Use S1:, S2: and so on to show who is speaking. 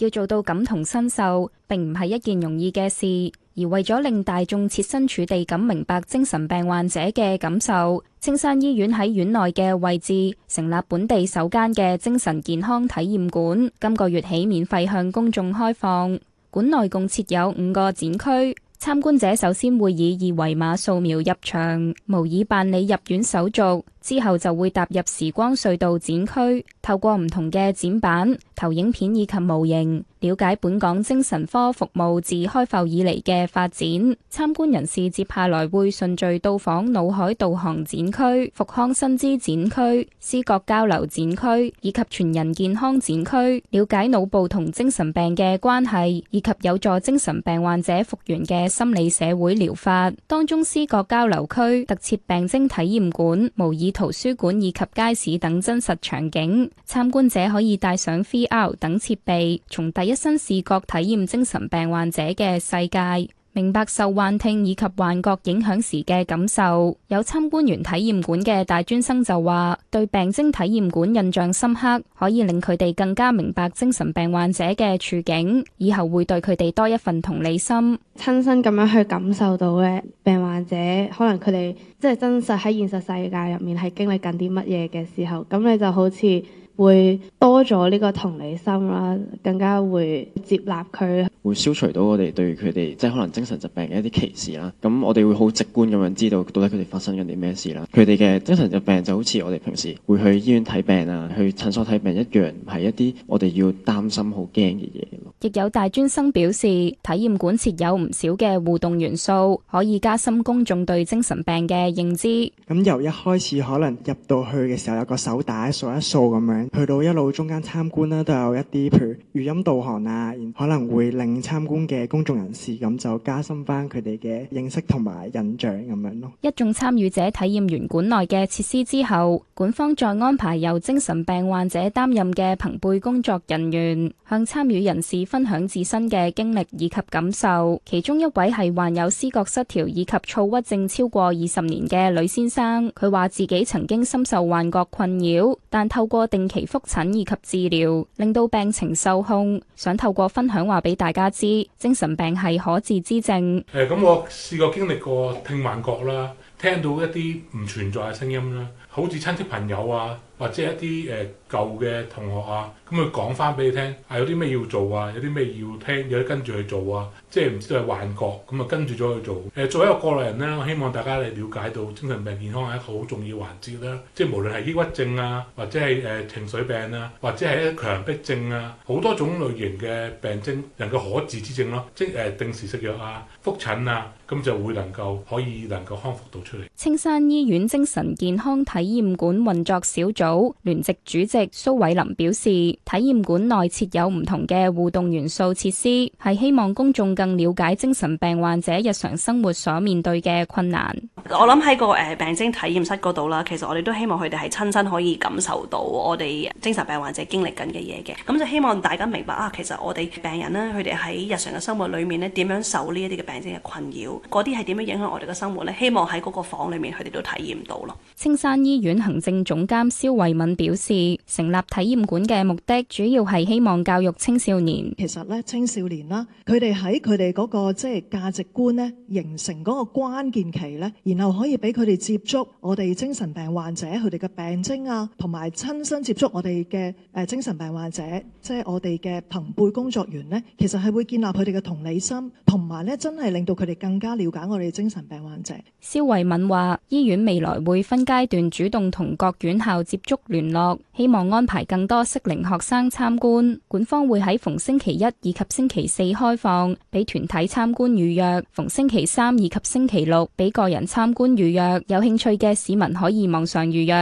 S1: 要做到感同身受，並唔係一件容易嘅事，而為咗令大眾切身處地咁明白精神病患者嘅感受，青山醫院喺院內嘅位置成立本地首間嘅精神健康體驗館，今個月起免費向公眾開放。館內共設有五個展區，參觀者首先會以二維碼掃描入場，模擬辦理入院手續。之後就會踏入時光隧道展區，透過唔同嘅展板、投影片以及模型，了解本港精神科服務自開埠以嚟嘅發展。參觀人士接下來會順序到訪腦海導航展區、復康新知展區、思覺交流展區以及全人健康展區，了解腦部同精神病嘅關係，以及有助精神病患者復原嘅心理社會療法。當中思覺交流區特設病徵體驗館，模擬圖書館以及街市等真實場景，參觀者可以戴上 VR 等設備，從第一身視角體驗精神病患者嘅世界。明白受幻聽以及幻覺影響時嘅感受。有參觀完體驗館嘅大專生就話，對病徵體驗館印象深刻，可以令佢哋更加明白精神病患者嘅處境，以後會對佢哋多一份同理心。親身咁樣去感受到咧，病患者可能佢哋即係真實喺現實世界入面係經歷緊啲乜嘢嘅時候，咁你就好似會多咗呢個同理心啦，更加會接納佢。會消除到我哋對佢哋即係可能精神疾病嘅一啲歧視啦。咁我哋會好直觀咁樣知道到底佢哋發生緊啲咩事啦。佢哋嘅精神疾病就好似我哋平時會去醫院睇病啊，去診所睇病一樣，係一啲我哋要擔心、好驚嘅嘢。亦有大專生表示，體驗館設有唔少嘅互動元素，可以加深公眾對精神病嘅認知。咁由一開始可能入到去嘅時候有個手帶掃一掃咁樣，去到一路中間參觀啦，都有一啲譬如語音導航啊，可能會令參觀嘅公眾人士咁就加深翻佢哋嘅認識同埋印象咁樣咯。一眾參與者體驗完館內嘅設施之後，館方再安排由精神病患者擔任嘅朋輩工作人員向參與人士分享自身嘅經歷以及感受，其中一位係患有思覺失調以及躁鬱症超過二十年嘅呂先生，佢話自己曾經深受幻覺困擾，但透過定期覆診以及治療，令到病情受控，想透過分享話俾大家知，精神病係可治之症。誒、啊，咁我
S2: 試過經歷過聽幻覺啦，聽到一啲唔存在嘅聲音啦，好似親戚朋友啊。或者一啲誒、呃、舊嘅同學啊，咁佢講翻俾你聽，係、啊、有啲咩要做啊，有啲咩要聽，有啲跟住去做啊，即係唔知道係幻覺，咁、嗯、啊跟住咗去做。誒、呃，作為一個過來人咧，我希望大家你了解到精神病健康係一個好重要環節啦、啊。即係無論係抑鬱症啊，或者係誒、呃、情緒病啊，或者係強迫症啊，好多種類型嘅病症能夠可治之症咯、啊，即誒、呃、定時食藥啊、覆診啊，咁就會能夠可以能夠，可以能夠康復到出嚟。
S1: 青山醫院精神健康體驗館運作小組聯席主席蘇偉林表示，體驗館內設有唔同嘅互動元素設施，係希望公眾更了解精神病患者日常生活所面對嘅困難。我諗喺個誒病徵體驗室嗰度啦，其實我哋都希望佢哋係親身可以感受到我哋精神病患者經歷緊嘅嘢嘅，咁就希望大家明白啊，其實我哋病人呢，佢哋喺日常嘅生活裏面呢點樣受呢一啲嘅病徵嘅困擾，嗰啲係點樣影響我哋嘅生活呢？希望喺嗰個房。裏面佢哋都體驗到咯。青山醫院行政總監肖慧敏表示，成立體驗館嘅目的主要係希望教育青少年。其實咧，青少年啦，佢哋喺佢哋嗰個即係價值觀咧形成嗰個關鍵期咧，然後可以俾佢哋接觸我哋精神病患者佢哋嘅病徵啊，同埋親身接觸我哋嘅誒精神病患者，即係我哋嘅朋輩工作員咧，其實係會建立佢哋嘅同理心，同埋咧真係令到佢哋更加了解我哋精神病患者。肖慧敏。話醫院未來會分階段主動同各院校接觸聯絡，希望安排更多適齡學生參觀。館方會喺逢星期一以及星期四開放，俾團體參觀預約；逢星期三以及星期六俾個人參觀預約。有興趣嘅市民可以網上預約。